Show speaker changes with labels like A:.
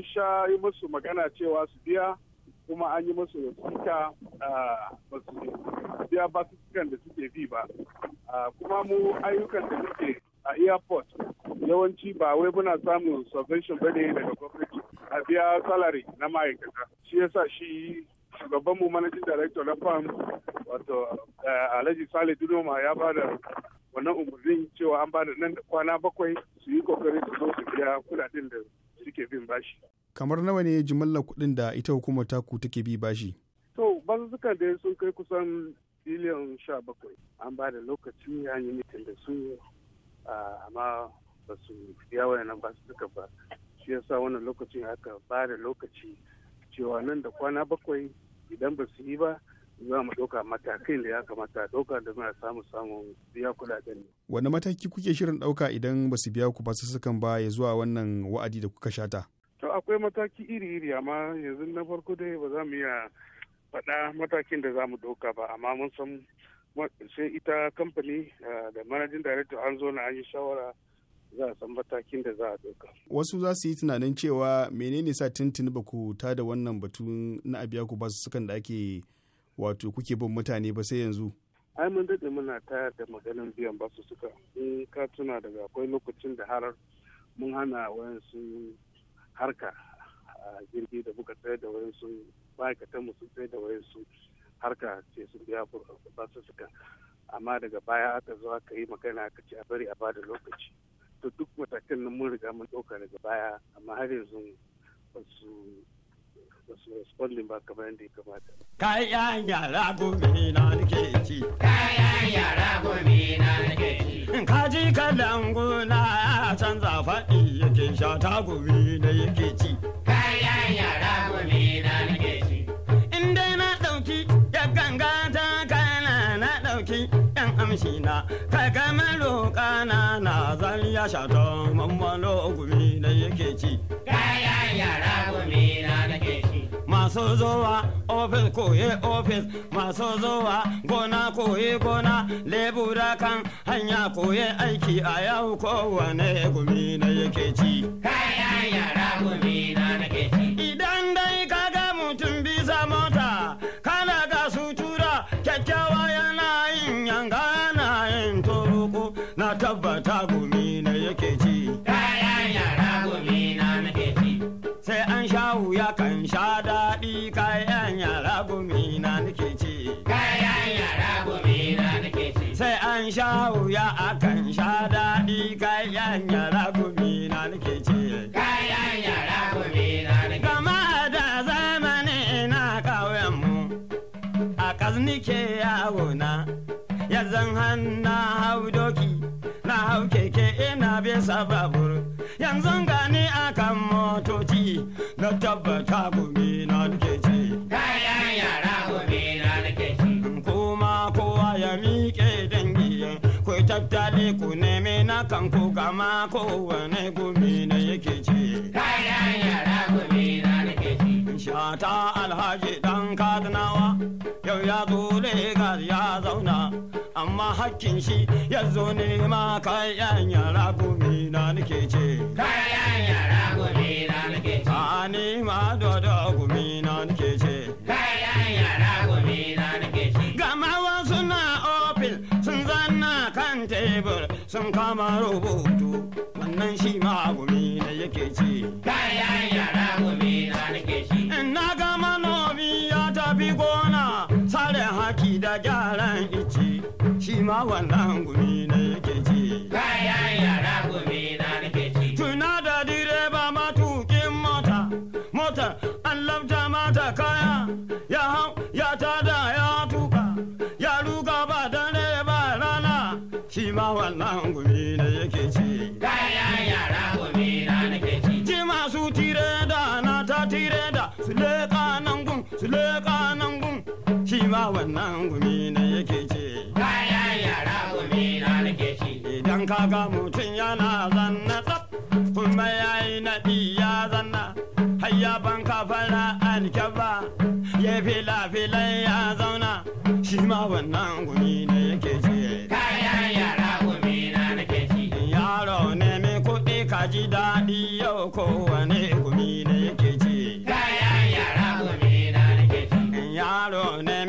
A: mun sha yi musu magana cewa su biya kuma an yi musu wasiƙa ba su biya ba su da suke bi ba kuma mu ayyukan da muke a airport yawanci ba wai muna samun subvention ba ne daga gwamnati a biya salari na ma'aikata shi yasa shi shugaban mu managing director na farm wato alhaji sale dunoma ya ba da wannan umarnin cewa an ba da nan kwana bakwai su yi kokarin su zo su biya kudaden da suke bin bashi. Kamar nawa ne jimallar kuɗin da ita hukumar taku take bi bashi? To, bazuka da sun kai kusan biliyan sha bakwai. An ba da lokaci an yi mitin da su amma ba su yawa nan ba su suka ba. Shi yasa wannan lokacin aka ba da lokaci cewa nan da kwana bakwai idan ba su yi ba za mu ɗauka matakai da ya kamata ɗauka da muna samu samun biya kuɗaɗen ne. Wani mataki kuke shirin ɗauka idan ba su biya ku ba su sukan ba ya zuwa wannan wa'adi da kuka shata? To akwai mataki iri-iri amma yanzu na farko dai ba za mu iya faɗa matakin da za mu ɗauka ba amma mun san sai ita kamfani eh, da manajin director an zo na an yi shawara za a san matakin da za a ɗauka. Wasu za su yi tunanin cewa menene sa Tintin ba ku tada wannan batun na abiya ku ba su sukan da ake wato kuke bin mutane ba sai yanzu ai mun daɗe muna tayar da maganin biyan su suka in ka tuna daga akwai lokacin da har mun hana wayansu harka a jirgi da muka tsaye da wayansu ma'aikatan mu sun tsaye da wayansu harka ce sun biya ba su suka amma daga baya aka zo aka yi magana aka ce a bari a bada lokaci to duk matakan nan mun riga mun ɗauka daga baya amma har yanzu ba su ba su respondin ba kamar yadda ya kamata.
B: Kayan yara gobe na nake ci. Kayan yara gobe na nake ci. Kaji kalangu na canza faɗi yake sha ta gobe na yake ci. Kayan yara gobe na nake ci. In na ɗauki ya ganga ta kana na ɗauki dan amshi na kai ga maro kana na zan ya shato mammalo gumi na yake ci kaya yara gumi na nake ci masu zowa ofis koye ofis maso zowa gona koye gona lebura kan hanya koye aiki a yau kowane gumi na yake ci kaya yara gumi na nake ci kan sha daɗi kayan yara gumi na nake ce. Kayan yara gumi na nake ce. Sai an sha wuya a kan sha daɗi kayan yara gumi na nake ce. Kayan yara gumi na nake ci. Gama da zamani na kawai mu a kaznike yawo na. Yanzan hannu na hau doki na hau keke ina bisa babur. yanzu gani akan motoci na tabbata gumi na nake ci na ci kuma kowa ya miƙe dangi ku tattale ku neme na kanku ku kowane gumi na yake ci kayan yara na ci shata alhaji dan kadnawa yau ya zo legas ya zauna amma hakkin shi ya zo ne ma kayan yara gumi na nake ce kayan yara gumi na nake ce a ni ma dodo gumi na nake ce kayan yara gumi na nake ce gama wasu na opil sun zanna kan tebur sun kama rubutu wannan shi ma gumi na yake ce kayan yara gumi na nake ce na gama manomi ya tafi gona sare haki da gyara shi ma wannan gumi na yake ci. Tuna da direba matukin mota, mota an mata kaya, ya hau ya tada ya tuka, ya ruga ba dare ba rana, shi ma wannan gumi na yake ci. masu su leƙa nan gun, su leƙa nan shi ma wannan gumi na in kaga mutum yana zanna tsaf kuma ya yi naɗi ya zanna hayya ban kafara alkyaba ya fila filai ya zauna shi ma wannan gumi ne yake ce kayan yara gumi na yaro ne mai kuɗi ka ji daɗi yau ko wani gumi ne yake ce kayan yara gumi na yaro ne